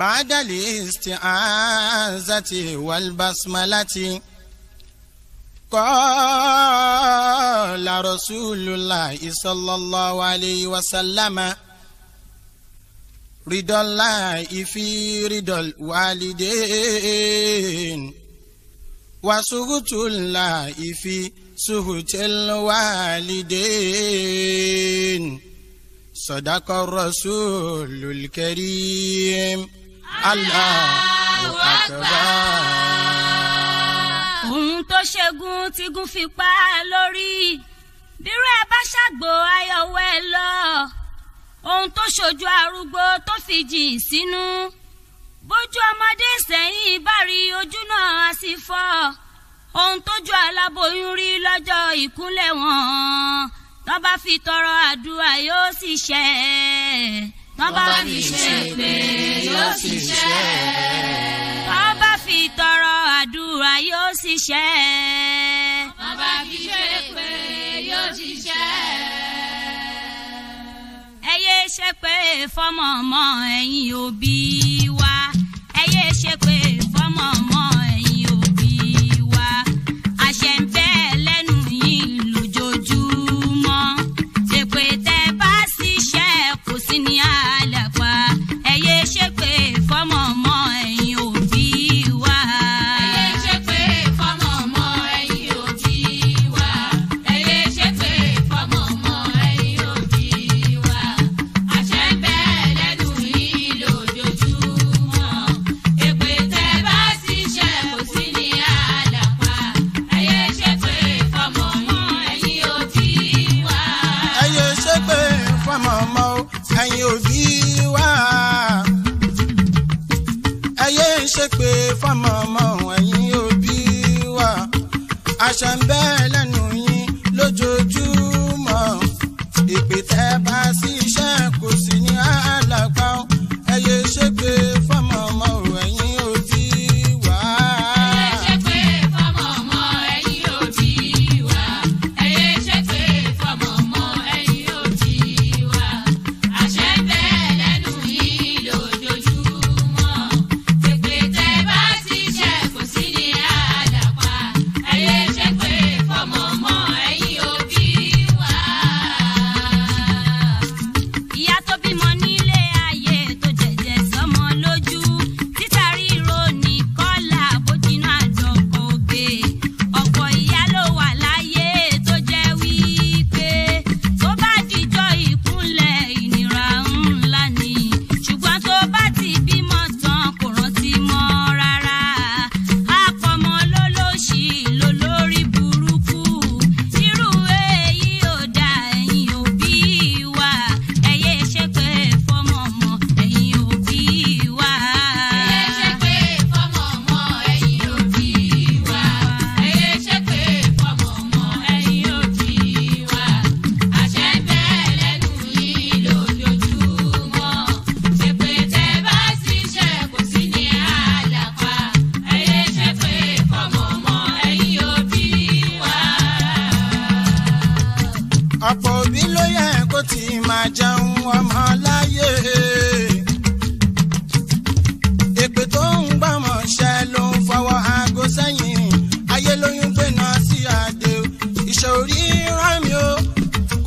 بعد الاستعاذة والبسملة قال رسول الله صلى الله عليه وسلم رضا الله في رضا الوالدين وسخط الله في سخط الوالدين صدق الرسول الكريم Allah Akbar. ohun tó ṣẹ́gun tí gún fi pa á lórí bírú ẹ bá ṣàgbò ayọ̀wọ́ ẹ lọ ohun tó ṣojú arúgbó tó fi jìn sínú bójú ọmọdé sẹ́yìn bá rí ojú náà á sì fọ́ ohun tójú aláboyún rí lọ́jọ́ ìkúnlẹ̀ wọn tó bá fi tọrọ àdúrà yóò sì ṣẹ tán bá fi ṣépè yóò ṣiṣẹ́ ẹ̀. tán bá fi tọrọ àdúrà yóò ṣiṣẹ́ ẹ̀. tán bá fi ṣépè yóò ṣiṣẹ́ ẹ̀. ẹ yéé ṣépè fọmọ ọmọ ẹ̀yin òbí. ṣépè fáwọn ọmọ ẹ̀yìn òbí wa àṣà mi.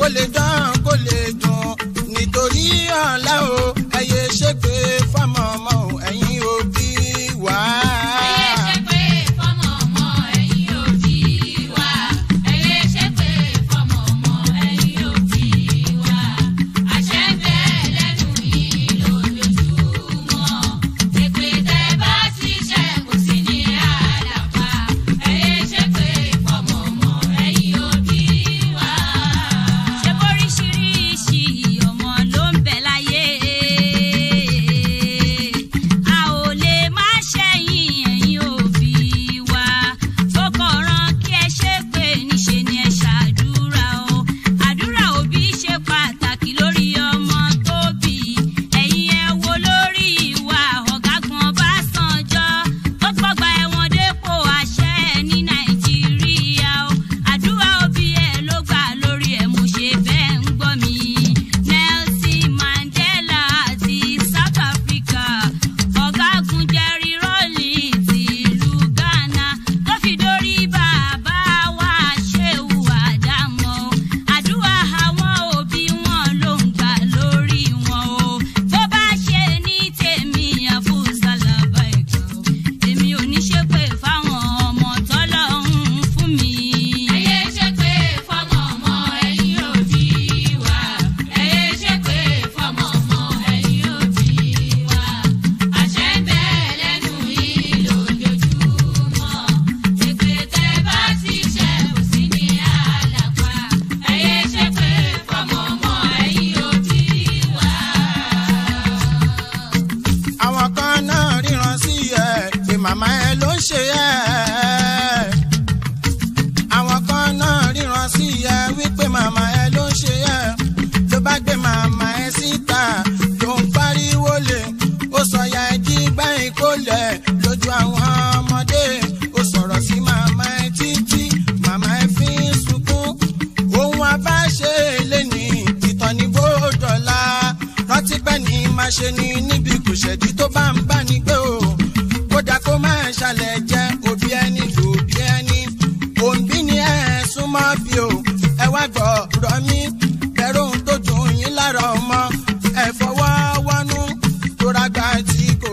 kó lè dán kó lè dùn nítorí ọ̀la o ẹ̀yẹ ṣépè fámọ́ ọmọ.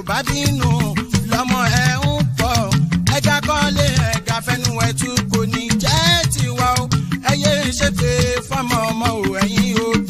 bá bínú lọ́mọ ẹ̀ ń pọ̀ ẹja kọ́lé ẹ̀dá fẹ́nu ẹ̀ tún kò ní jẹ́ tiwa o ẹ̀yẹ́ ṣètè fọmọ ọmọ ò ẹ̀yìn o.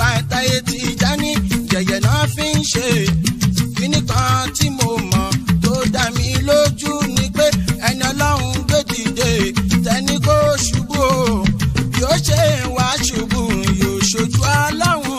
bàbá táyé Tijani jẹ̀jẹ̀ náà fi ń ṣe kíní mi lójú ni pé ẹni ọlọ́run gbé dìde tẹni kó ṣubú o yóò ṣojú ọlọ́run.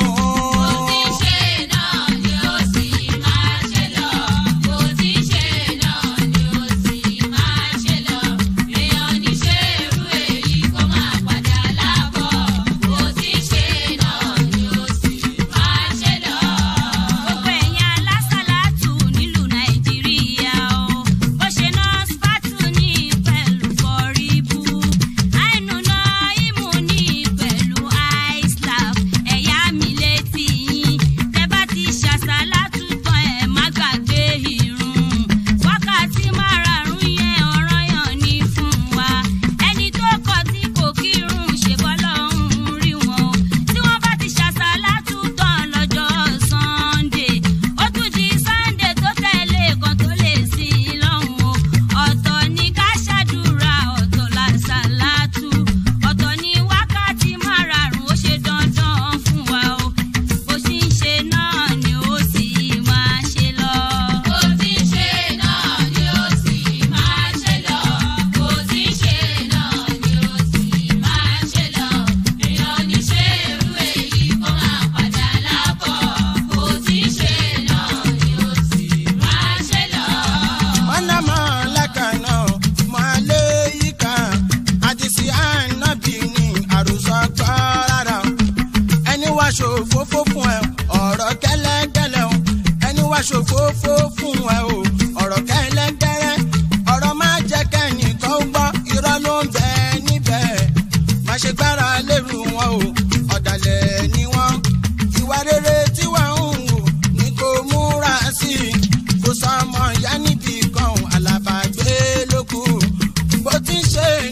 irú wọn o ọ̀dàlẹ̀ ni wọ́n ìwà rere tí wọ́n ń wò ní kò múra sí i kò sọ ọmọ ìyá níbi kan àlàbà gbé bó ti ṣe é.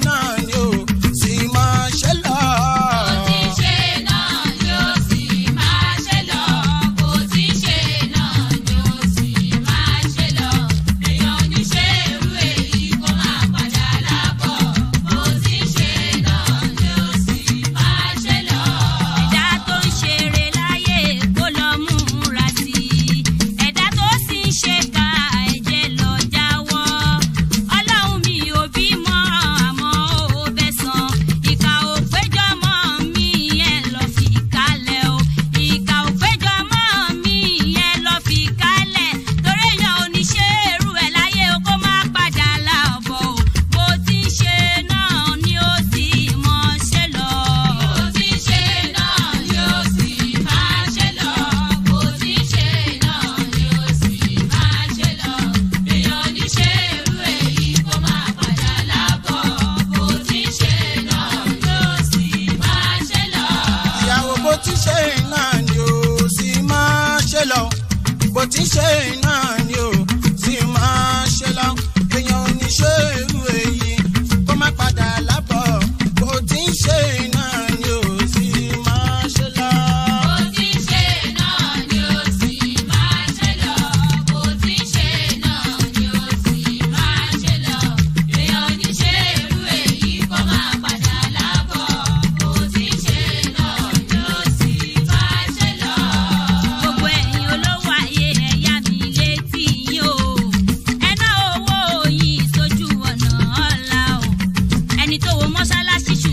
What you saying wo mọ́ṣáláṣí ṣ